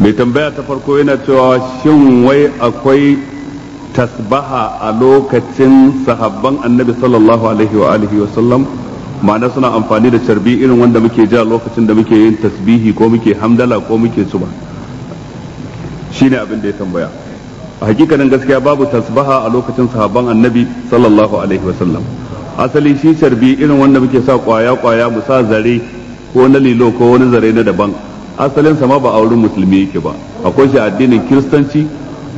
mai tambaya ta farko yana cewa shin wai akwai tasbaha a lokacin sahabban annabi sallallahu alaihi wa alihi wa sallam ma'ana suna amfani da carbi irin wanda muke ja lokacin da muke yin tasbihi ko muke hamdala ko muke suba shine abin da ya tambaya a hakikanin gaskiya babu tasbaha a lokacin sahabban annabi sallallahu alaihi wa sallam asali shi carbi irin wanda muke sa kwaya kwaya mu sa zare ko na lilo ko wani zare na daban asalin sama ba a wurin musulmi yake ba akwai shi addinin kiristanci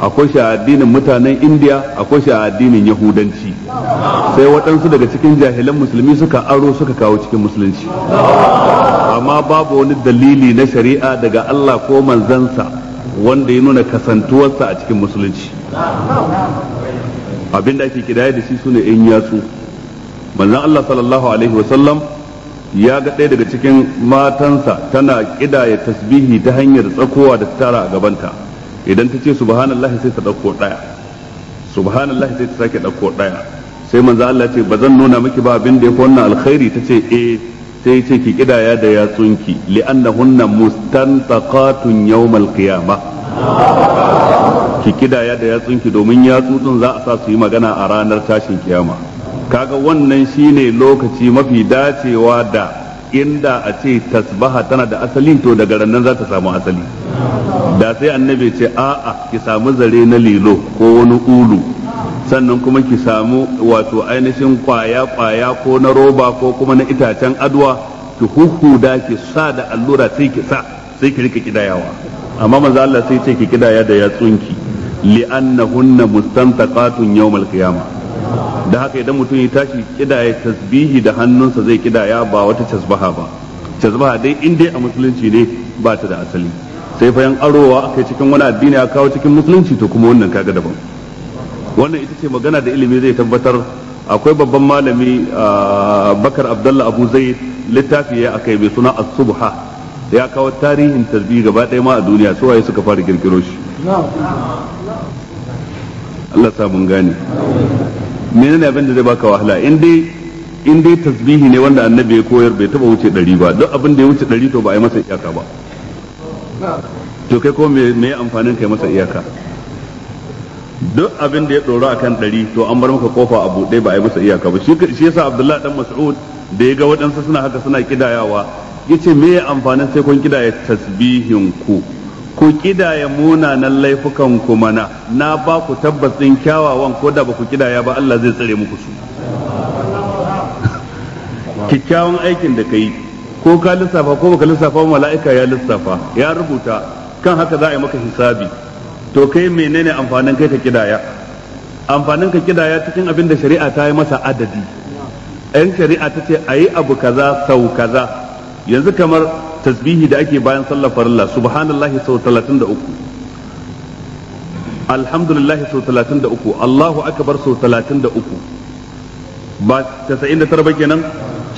akwai shi addinin mutanen indiya akwai shi addinin yahudanci sai waɗansu daga cikin jahilan musulmi suka aro suka kawo cikin musulunci amma babu wani dalili na shari'a daga allah ko manzansa wanda ya nuna kasantuwarsa a cikin musulunci abinda ake kidaya da shi sune in yatsu manzan allah sallallahu alaihi wasallam ya ga ɗaya daga cikin matansa tana ƙidaya tasbihi ta hanyar tsakowa da tara a gabanta idan ta ce subhanallahi sai ta ɗauko ɗaya subhanallahi sai ta sake ɗauko ɗaya sai manzo Allah ce ba zan nuna miki ba abin da ya wannan alkhairi ta ce eh sai ce ki ƙidaya da yatsunki li'annahunna mustantaqatun yawmal ki ƙidaya da yatsunki domin yatsutsun za a sa su yi magana a ranar tashin kiyama kaga wannan shine lokaci mafi dacewa da inda a ce tasbaha tana da asali to daga rannan za ta samu asali da sai annabi ce a'a ki samu zare na lilo ko wani ulu sannan kuma ki samu wato ainihin kwaya kwaya ko na roba ko kuma na itacen adwa ki huhuda ki sa da allura sai ki sa sai ki rika kidayawa amma manzo Allah sai ce ki kidaya da yatsunki li'annahunna mustantaqatun yawmal qiyamah da haka idan mutum ya tashi kidaya tasbihi da hannunsa zai kidaya ba wata tasbaha ba tasbaha dai in dai a musulunci ne ba ta da asali sai fa yan arowa akai cikin wani addini ya kawo cikin musulunci to kuma wannan kaga daban wannan ita ce magana da ilimi zai tabbatar akwai babban malami bakar abdullah abu zaid littafi ya akai mai suna as-subha ya kawo tarihin tasbihi gaba ɗaya ma a duniya su waye suka fara girgiro shi Allah sa mun gane menene abin da zai baka wahala in dai in dai tasbihi ne wanda annabi ya koyar bai taba wuce ɗari ba duk abin da ya wuce ɗari to ba a yi masa iyaka ba to kai ko me me amfanin kai masa iyaka duk abin da ya ɗora akan ɗari to an bar maka kofa a buɗe ba a yi masa iyaka ba shi yasa abdullahi dan mas'ud da ya ga waɗansu suna haka suna kidayawa yace me amfanin sai kun kidaya tasbihin ku ku kidaya munanan laifukan ku mana na ba ku tabbacin kyawawan ko da ba ku kidaya ba Allah zai tsare muku su Kyakkyawan aikin da kai ko ka lissafa ko baka lissafa mala'ika ya lissafa ya rubuta kan haka za a yi maka hisabi to kai menene amfanin kai ka kidaya amfanin ka kidaya cikin abin da shari'a ta yi masa adadi yan shari'a ta ce a yi abu kaza sau kaza yanzu kamar tasbihi da ake bayan sallar farilla subhanallahi sau 33 alhamdulillahi sau 33 Allahu akbar sau 33 ba 99 ba kenan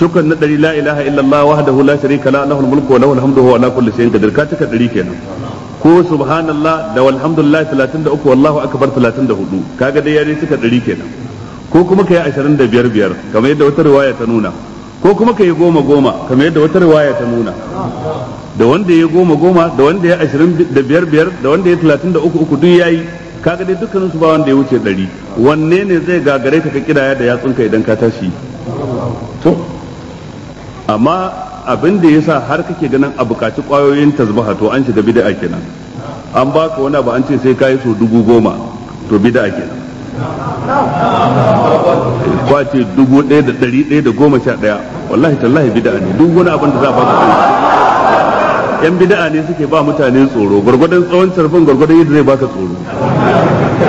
sukan na dari la ilaha illallah wahdahu la sharika la lahul mulku wa lahul hamdu wa ala kulli shay'in qadir ka cika dari kenan ko subhanallah da walhamdulillah 33 wallahu akbar 34 kaga dai yare suka dari kenan ko kuma kai 25 biyar kamar yadda wata riwaya ta nuna ko kuma ka yi goma goma kamar yadda wata riwaya ta nuna da wanda ya goma goma da wanda ya ashirin da biyar biyar da wanda ya talatin da uku uku duk ya yi kaga dai dukkaninsu ba wanda ya wuce dari. wanne ne zai gagare ka ka kidaya da yatsunka idan ka tashi to amma abin da yasa har kake ganin a bukaci kwayoyin tasbaha to an shiga bid'a kenan an baka wani abu an ce sai kai so dubu goma to bid'a kenan kwace dubu ɗaya da ɗari ɗaya da goma sha ɗaya wallahi tallahi bida'a ne duk wani abin da za a baka tsoro yan bida'a ne suke ba mutane tsoro gwargwadon tsawon sarfin gwargwadon yadda zai baka tsoro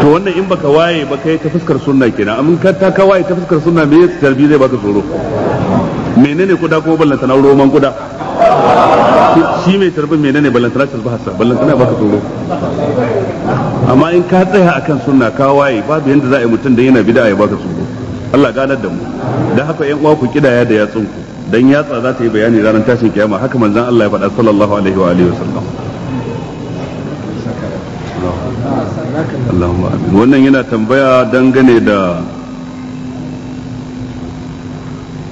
to wannan in baka waye ba kai ta fuskar sunna kenan Amin ka ta ka waye ta fuskar sunna me yasa tarbi zai baka tsoro menene kuda kuma ballanta na roman kuda shi mai tarbin menene ballantana talbahasa ballantana baka tsoro amma in ka tsaya akan sunna ka waye babu yanda za a yi mutum da yana bid'a ya baka tsoro Allah ganar da mu dan haka yan uwa ku kidaya da yatsun ku dan yatsa za ta yi bayani ranar tashin kiyama haka manzon Allah ya faɗa sallallahu alaihi wa alihi wasallam Allahumma amin wannan yana tambaya dangane da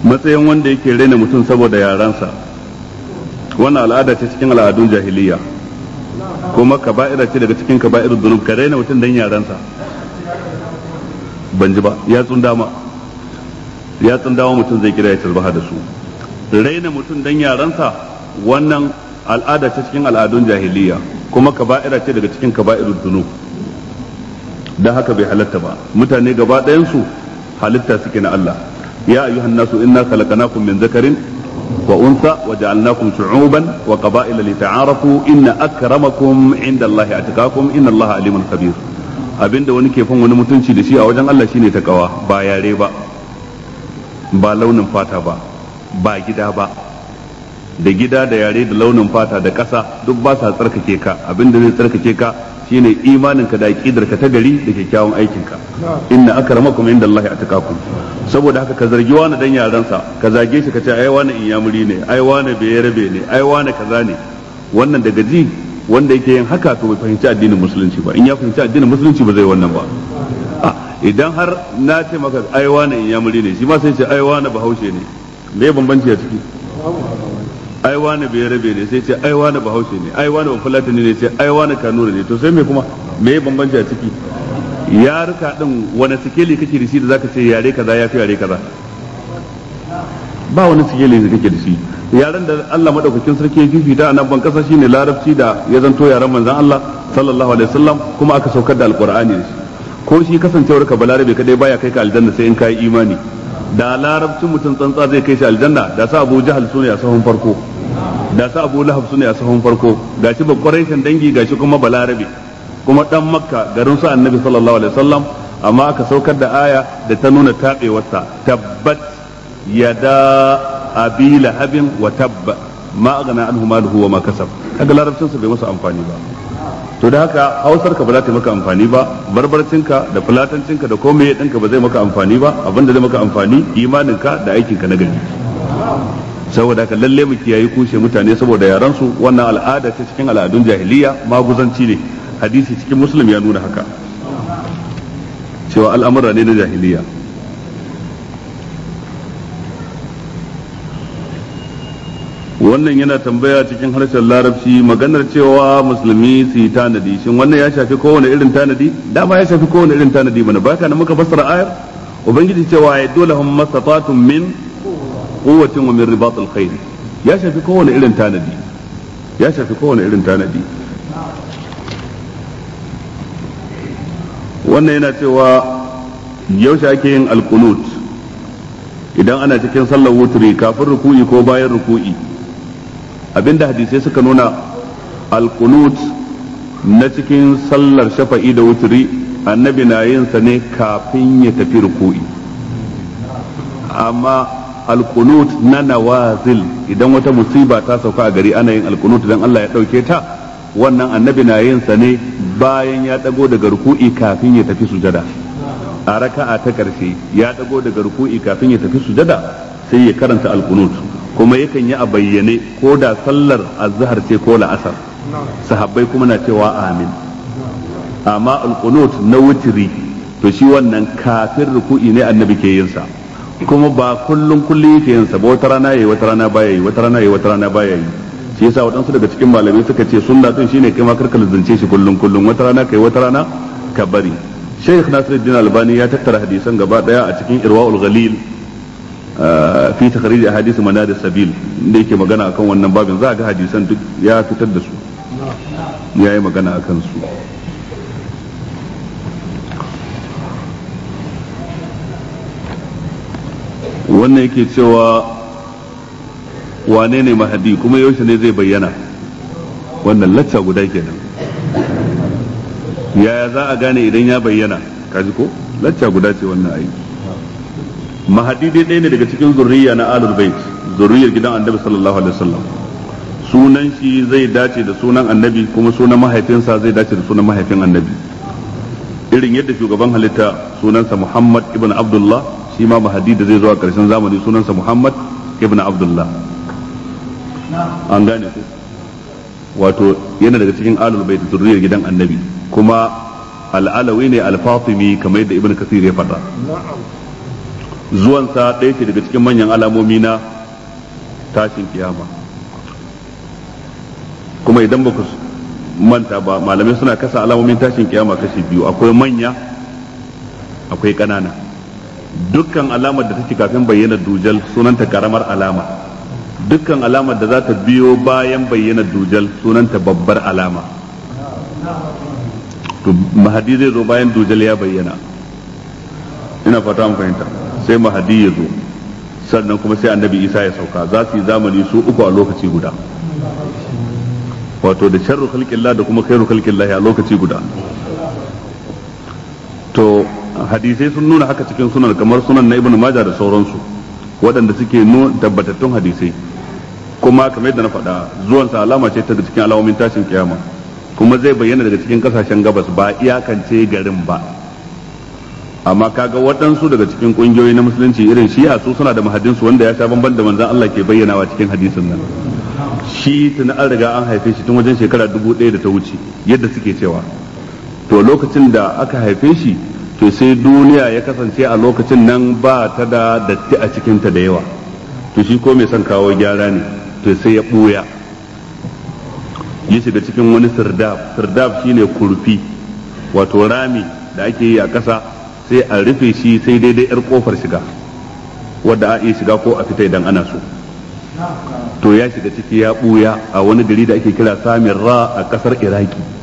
matsayin wanda yake raina mutum saboda yaransa wannan al'ada ce cikin al'adun jahiliya kuma kaba'ira ce daga cikin kaba'ir dunub ka daina mutum dan yaransa ban ji ba ya tsundama ya tsundama mutum zai kira ya tarbaha da su raina mutum dan yaransa wannan al'ada ce cikin al'adun jahiliya kuma kaba'ira ce daga cikin kaba'ir dunub dan haka bai halatta ba mutane gaba ɗayan su halitta suke na Allah ya ayyuhan nasu inna khalaqnakum min zakarin wa unsa wa ja'alnakum shu'uban wa qaba'ila ta'arafu inna akramakum indallahi atqakum inna allaha alimun khabir abinda wani ke fan wani mutunci da shi a wajen Allah shine kawa ba yare ba ba launin fata ba ba gida ba da gida da yare da launin fata da ƙasa duk ba sa tsarkake ka abinda zai tsarkake ka shine imaninka da aqidarka ta gari da kyakkyawan aikinka inna akramakum indallahi atqakum saboda haka ka zargi wani dan sa ka zage shi ka ce ai wani inyamuri ne ai wani yarbe ne ai wani kaza ne wannan daga ji wanda yake yin haka to bai fahimci addinin musulunci ba in ya fahimci addinin musulunci ba zai wannan ba ah, idan har na ce maka ai wani inyamuri ne shi ma sai ce ai wani bahaushe ne me bambanci a ciki ai wani bai rabe ne sai ce ai wani bahaushe ne ai wani bafulata ne sai ai wani kanuri ne to sai me kuma me ya bambanci a ciki yaruka din wani sikeli kake da shi da zaka ce yare kaza ya fi yare kaza ba wani sikeli da kake da shi yaren da Allah madaukakin sarki ya fifita a nan ban kasa shine larabci da ya zanto yaren manzon Allah sallallahu alaihi wasallam kuma aka saukar da alqur'ani da shi ko shi kasancewar ka balarabe kadai baya kai ka aljanna sai in kai imani da larabcin mutum tsantsa zai kai shi aljanna da sa Abu Jahal sune a sahun farko da sa abu lahab su ne a sahun farko gashi ba ƙwaraishin dangi ga shi kuma balarabe kuma dan makka garin su annabi sallallahu alaihi wasallam amma aka saukar da aya da ta nuna taɓewarsa tabbat yada abi lahabin wa tabba ma agana anhu maluhu wa ma kasab kaga larabcinsa bai masa amfani ba to da haka hausar ka ba za ta maka amfani ba ka da ka da komai ɗinka ba zai maka amfani ba abinda zai maka amfani imanin ka da aikinka na gari saboda haka lalle mu kiyaye kushe mutane saboda yaran su wannan al'ada ce cikin al'adun jahiliya maguzanci ne hadisi cikin muslim ya nuna haka cewa al'amura ne na jahiliya wannan yana tambaya cikin harshen larabci maganar cewa musulmi su yi tanadi shin wannan ya shafi kowane irin tanadi dama ya shafi kowane irin tanadi mana baka na muka fassara ayar ubangiji cewa ya dole hum min kowace wa min ribatil khayr ya shafi kowane irin tanadi ya shafi kowane irin tanadi wannan yana cewa yaushe ake yin alqunut idan ana cikin sallar wutri kafin ruku'i ko bayan ruku'i abinda hadisai suka nuna alqunut na cikin sallar shafa'i da wuturi annabi na yin sa ne kafin ya tafi ruku'i amma alkunut na nawazil idan wata musiba ta sauka a gari ana yin alkunut dan Allah ya dauke ta wannan annabi na yin sa ne bayan ya dago daga ruku'i kafin ya tafi sujada a raka'a ta karshe ya dago daga ruku'i kafin ya tafi sujada sai ya karanta alkunut kuma yakan yi a bayyane ko da sallar azhar ce ko la'asar sahabbai kuma na cewa amin amma alkunut na wutiri to shi wannan kafin ruku'i ne annabi ke yin sa kuma ba kullum kullum yake yin ba wata rana yayi wata rana baya yi wata rana yayi wata rana baya yi shi yasa waɗansu daga cikin malamai suka ce sunna din shine kai ma karka lazance shi kullum kullum wata rana kai wata rana ka bari Sheikh Nasiruddin Albani ya tattara hadisan gaba daya a cikin Irwaul Ghalil ah, fi takhrij ahadith manar sabil da yake magana akan wannan babin za ga hadisan duk ya fitar da su yayi magana akan su wannan yake cewa wane ne mahadi kuma yaushe ne zai bayyana wannan lacca guda kenan yaya za a gane idan ya bayyana kaji ko lacca guda ce wannan ayi mahadi dai ɗaya ne daga cikin zurriya na alul bait zurriyar gidan annabi sallallahu alaihi wasallam sunan shi zai dace da sunan annabi kuma sunan mahaifinsa zai dace da sunan mahaifin annabi irin yadda shugaban halitta sunansa muhammad ibn abdullah shi ma mahadi da zai zo a zamani sunansa Muhammad ibn Abdullah an gane ku wato yana daga cikin alul bai zurriyar gidan annabi kuma al'alawi ne al-fatimi kamar yadda ibn kasir ya faɗa zuwansa ɗaya ce daga cikin manyan alamomi na tashin kiyama kuma idan ba ku manta ba malamai suna kasa alamomin tashin kiyama kashi biyu akwai manya akwai ƙanana dukkan alamar da take kafin bayyana dujal sunanta karamar alama dukkan alamar da za ta biyo bayan bayyana dujal sunanta babbar alama to mahadi zai zo bayan dujal ya bayyana ina fata an fahimta sai mahadi ya zo sannan kuma sai annabi isa ya sauka za su yi zamani su uku a lokaci guda wato da sharru khalqillah da kuma khairu khalqillah a lokaci guda hadisai sun nuna haka cikin sunan kamar sunan na ibn majah da sauransu waɗanda suke nuna tabbatattun hadisai kuma kamar yadda na faɗa zuwansa alama ce ta cikin alamomin tashin kiyama kuma zai bayyana daga cikin kasashen gabas ba iyakance garin ba amma kaga waɗansu daga cikin ƙungiyoyi na musulunci irin shi'a su suna da mahadinsu wanda ya sha bamban da manzan Allah ke bayyanawa cikin hadisin nan shi tun an riga an haife shi tun wajen shekara dubu ɗaya da ta wuce yadda suke cewa to lokacin da aka haife shi to sai duniya ya kasance a lokacin nan ba ta da datti a cikinta da yawa to shi ko mai son kawo gyara ne to sai ya ɓuya ya shiga cikin wani sirdaf shi shine kurfi wato rami da ake yi a ƙasa sai a rufe shi sai daidai yar kofar shiga wadda a iya shiga ko a fita idan ana so to ya shiga ciki ya ɓuya a wani gari da ake kira samin ra a ƙasar iraki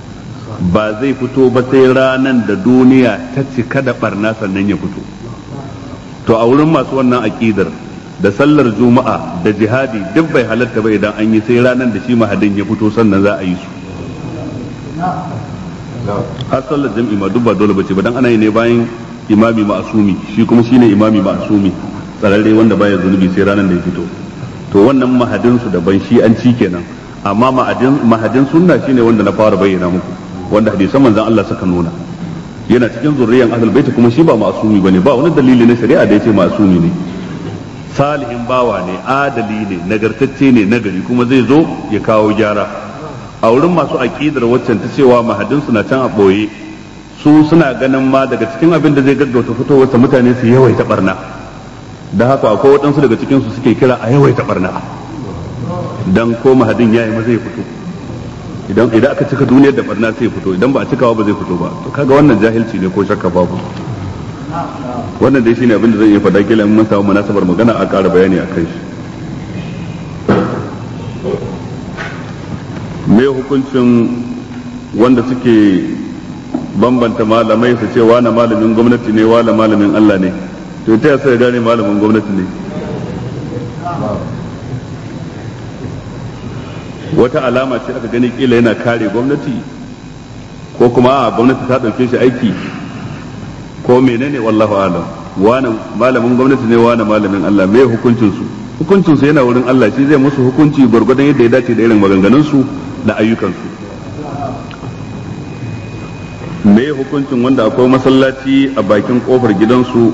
ba zai fito ba sai ranan da duniya ta cika da barna sannan ya fito to a wurin masu wannan aƙidar da sallar juma'a da jihadi duk bai halatta ba idan an yi sai ranan da shi mahadin ya fito sannan za a yi su har sallar jam'i ma duk ba dole bace ba dan ana yi ne bayan imami ma'asumi shi kuma shine imami ma'asumi tsararre wanda baya zunubi sai ranan da ya fito to wannan mahadin su daban shi an ci kenan amma mahadin sunna shine wanda na fara bayyana muku wanda hadisan manzon Allah suka nuna yana cikin zurriyan ahlul bait kuma shi ba ma'sumi bane ba wani dalili na shari'a da yace ma'sumi ne salihin bawa ne adali ne nagartacce ne nagari kuma zai zo ya kawo gyara a wurin masu aqidar waccan ta cewa mahadin suna can a boye su suna ganin ma daga cikin abin da zai gaggauta fitowarsa mutane su yawaita barna da haka akwai waɗansu daga cikin su suke kira a yawaita barna dan ko mahadin yayi ma zai fito idan idan aka cika duniyar da barna sai fito idan ba a cikawa ba zai fito ba to kaga wannan jahilci ne ko shakka babu wannan dai shine abin da zan iya faɗa kila in mun samu munasabar magana a ƙara bayani akan shi me hukuncin wanda suke bambanta malamai su ce wani malamin gwamnati ne wani malamin Allah ne to ta yasa ya gane malamin gwamnati ne wata alama ce aka gani kila yana kare gwamnati ko kuma a gwamnati ta ɗauke shi aiki ko menene wallahu alam wani malamin gwamnati ne wani malamin Allah me hukuncin su hukuncin su yana wurin Allah shi zai musu hukunci gwargwadon yadda ya dace da irin maganganun su da ayyukan su me hukuncin wanda akwai masallaci a bakin kofar gidansu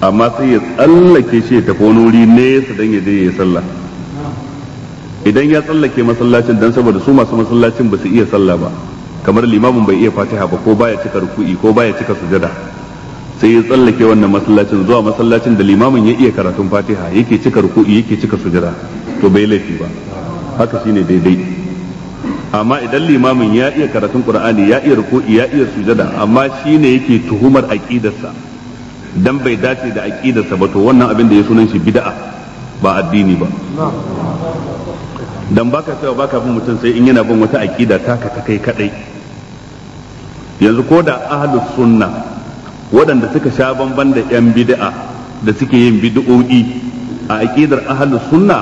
amma sai ya tsallake shi ya tafi wani wuri nesa su ya je ya sallah idan ya tsallake masallacin dan saboda su masu masallacin ba su iya sallah ba kamar limamin bai iya fatiha ba ko baya cika ruku'i ko baya cika sujada sai ya tsallake wannan masallacin zuwa masallacin da limamin ya iya karatun fatiha yake cika ruku'i yake cika sujada to bai laifi ba haka shine daidai amma idan limamin ya iya karatun qur'ani ya iya ruku'i ya iya sujada amma shine yake tuhumar aqidarsa dan bai dace da aqidarsa ba to wannan abin da ya sunan shi bid'a ba addini ba dan baka cewa baka bin mutum sai in yana bin wata aqida taka ta kai kadai yanzu ko da ahlus sunna waɗanda suka sha bamban da yan bid'a da suke yin bid'o'i a aqidar ahlus sunna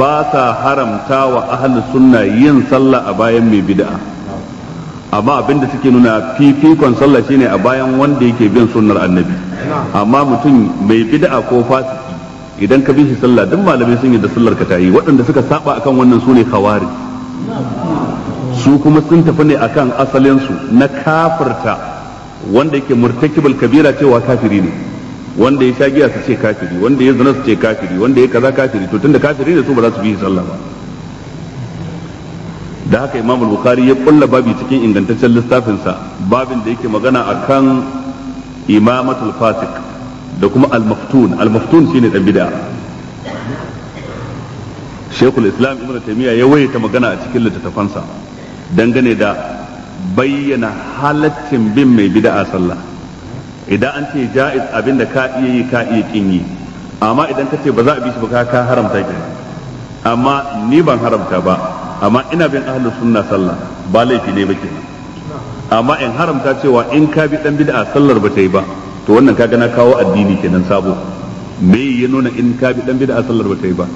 ba sa haramta wa ahlus sunna yin sallah a bayan mai bid'a amma abinda suke nuna fifikon sallah shine a bayan wanda yake bin sunnar annabi amma mutum mai bid'a ko fasik idan ka bi shi sallah duk malamai sun yi da sallar ka ta yi waɗanda suka saba akan wannan su ne khawari su kuma sun tafi ne akan asalin su na kafirta wanda yake murtakibul kabira cewa kafiri ne wanda ya sha giya su ce kafiri wanda ya zina su ce kafiri wanda ya kaza kafiri to tunda kafiri ne su ba za su bi shi sallah ba da haka imam bukhari ya kulla babi cikin ingantaccen lissafinsa babin da yake magana akan imamatul fasik da kuma al-maftun al-maftun shine dan bid'a Sheikhul Islam Ibn Taymiyyah ya wayyata magana a cikin littattafansa dangane da bayyana halaccin bin mai bid'a sallah idan an ce ja'iz abinda ka iya yi ka iya kin yi amma idan ka ce ba za a bi shi ba ka haramta ki amma ni ban haramta ba amma ina bin ahlus sunna sallah ba laifi ne ba ki? amma in haramta cewa in ka bi dan bid'a sallar ba ta yi ba to wannan kaga na kawo addini kenan sabo me ya nuna in ka bi dan bid'a sallar ba ta yi ba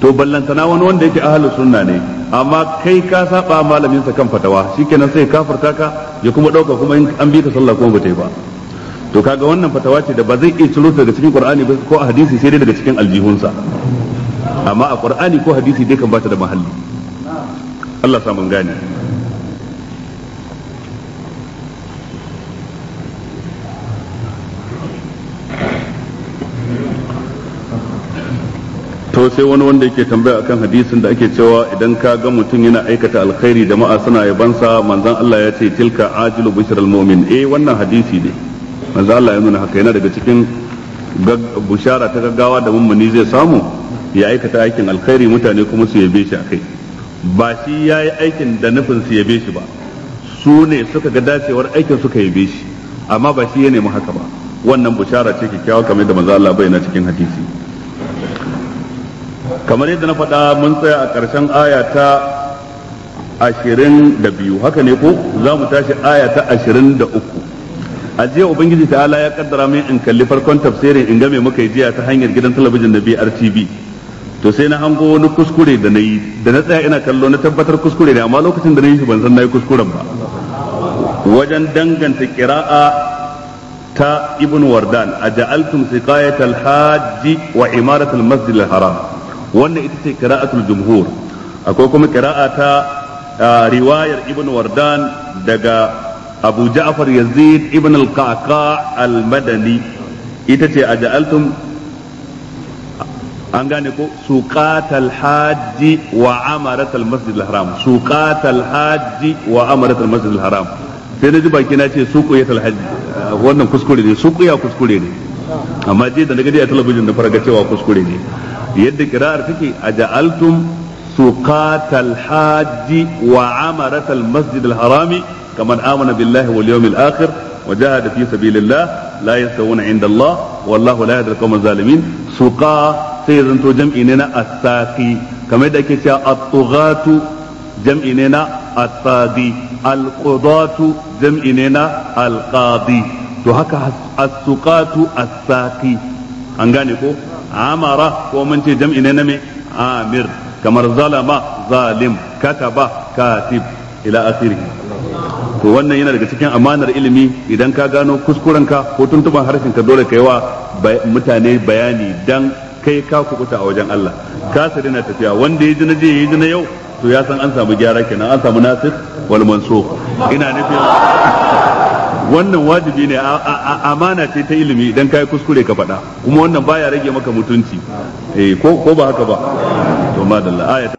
to ballantana wani wanda yake ahlus sunna ne amma kai ka saba malamin sa kan fatawa shikenan sai kafirta ka ya kuma dauka kuma in an bi ka sallar kuma ba ta yi ba to kaga wannan fatawa ce da ba zai iya ciro daga cikin qur'ani ba ko hadisi sai dai daga cikin sa amma a qur'ani ko hadisi dai kan bata da mahalli Allah sa mun gane sai wani wanda yake tambaya akan hadisin da ake cewa idan ka ga mutum yana aikata alkhairi jama'a suna yabansa manzon Allah ya ce tilka ajilu bushral mu'min eh wannan hadisi ne manzon Allah ya nuna haka yana daga cikin bushara ta gaggawa da mummuni zai samu ya aikata aikin alkhairi mutane kuma su yabe shi akai ba shi yayi aikin da nufin su yabe shi ba su ne suka ga dacewar aikin suka yabe shi amma ba shi ya nemi haka ba wannan bushara ce kyakkyawa kamar da manzon Allah bayyana cikin hadisi kamar yadda na faɗa mun tsaya a ƙarshen aya ta ashirin da biyu haka ne ko za mu tashi aya ta ashirin da uku a jiya ubangiji ta ala ya kaddara min in kalli farkon tafsirin in game muka yi jiya ta hanyar gidan talabijin na BRTV to sai na hango wani kuskure da na yi da na tsaya ina kallo na tabbatar kuskure ne amma lokacin da na yi shi ban san na yi kuskuren ba wajen danganta kira'a ta ibn wardan a ja'altum siqayat al wa imaratul masjidil haram wannan ita ce qira'atul jumhur akwai kuma qira'a ta riwayar ibn wardan daga abu ja'far yazid ibn al-qaqa al-madani ita ce aja'altum an gane ko suqatal hajji wa amaratal masjid al-haram suqatal hajji wa amaratal masjid al-haram sai na ji baki na ce suqiyatal hajji wannan kuskure ne suqiya kuskure ne amma je da na gadi a talabijin na fara cewa kuskure ne yadda kira'ar take a ja'altum suqatal hajji wa amaratal masjidil harami kamar amana billahi wal yawmil akhir wa jahada fi sabilillah la yastawuna inda Allah wallahu la yahdi al zalimin suqa sai zanto jam'i ne na asaqi kamar da ake cewa at-tughatu jam'i ne na as al-qudatu jam'i ne na al-qadi to haka as-suqatu as-saqi an gane ko amara ko mun ce jam'i ne na me amir kamar zalama zalim kataba katib ila asiri to wannan yana daga cikin amanar ilimi idan ka gano kuskuren ka ko tuntuban harshen ka dole ka yi wa mutane bayani dan kai ka kubuta a wajen Allah ka sadi na tafiya wanda ya ji na je ya na yau to ya san an samu gyara kenan an samu nasir wal mansukh ina nufin wannan wajibi ne amana ce ta ilimi idan kai kuskure ka faɗa kuma wannan baya rage maka mutunci eh ko ba haka ba to madalla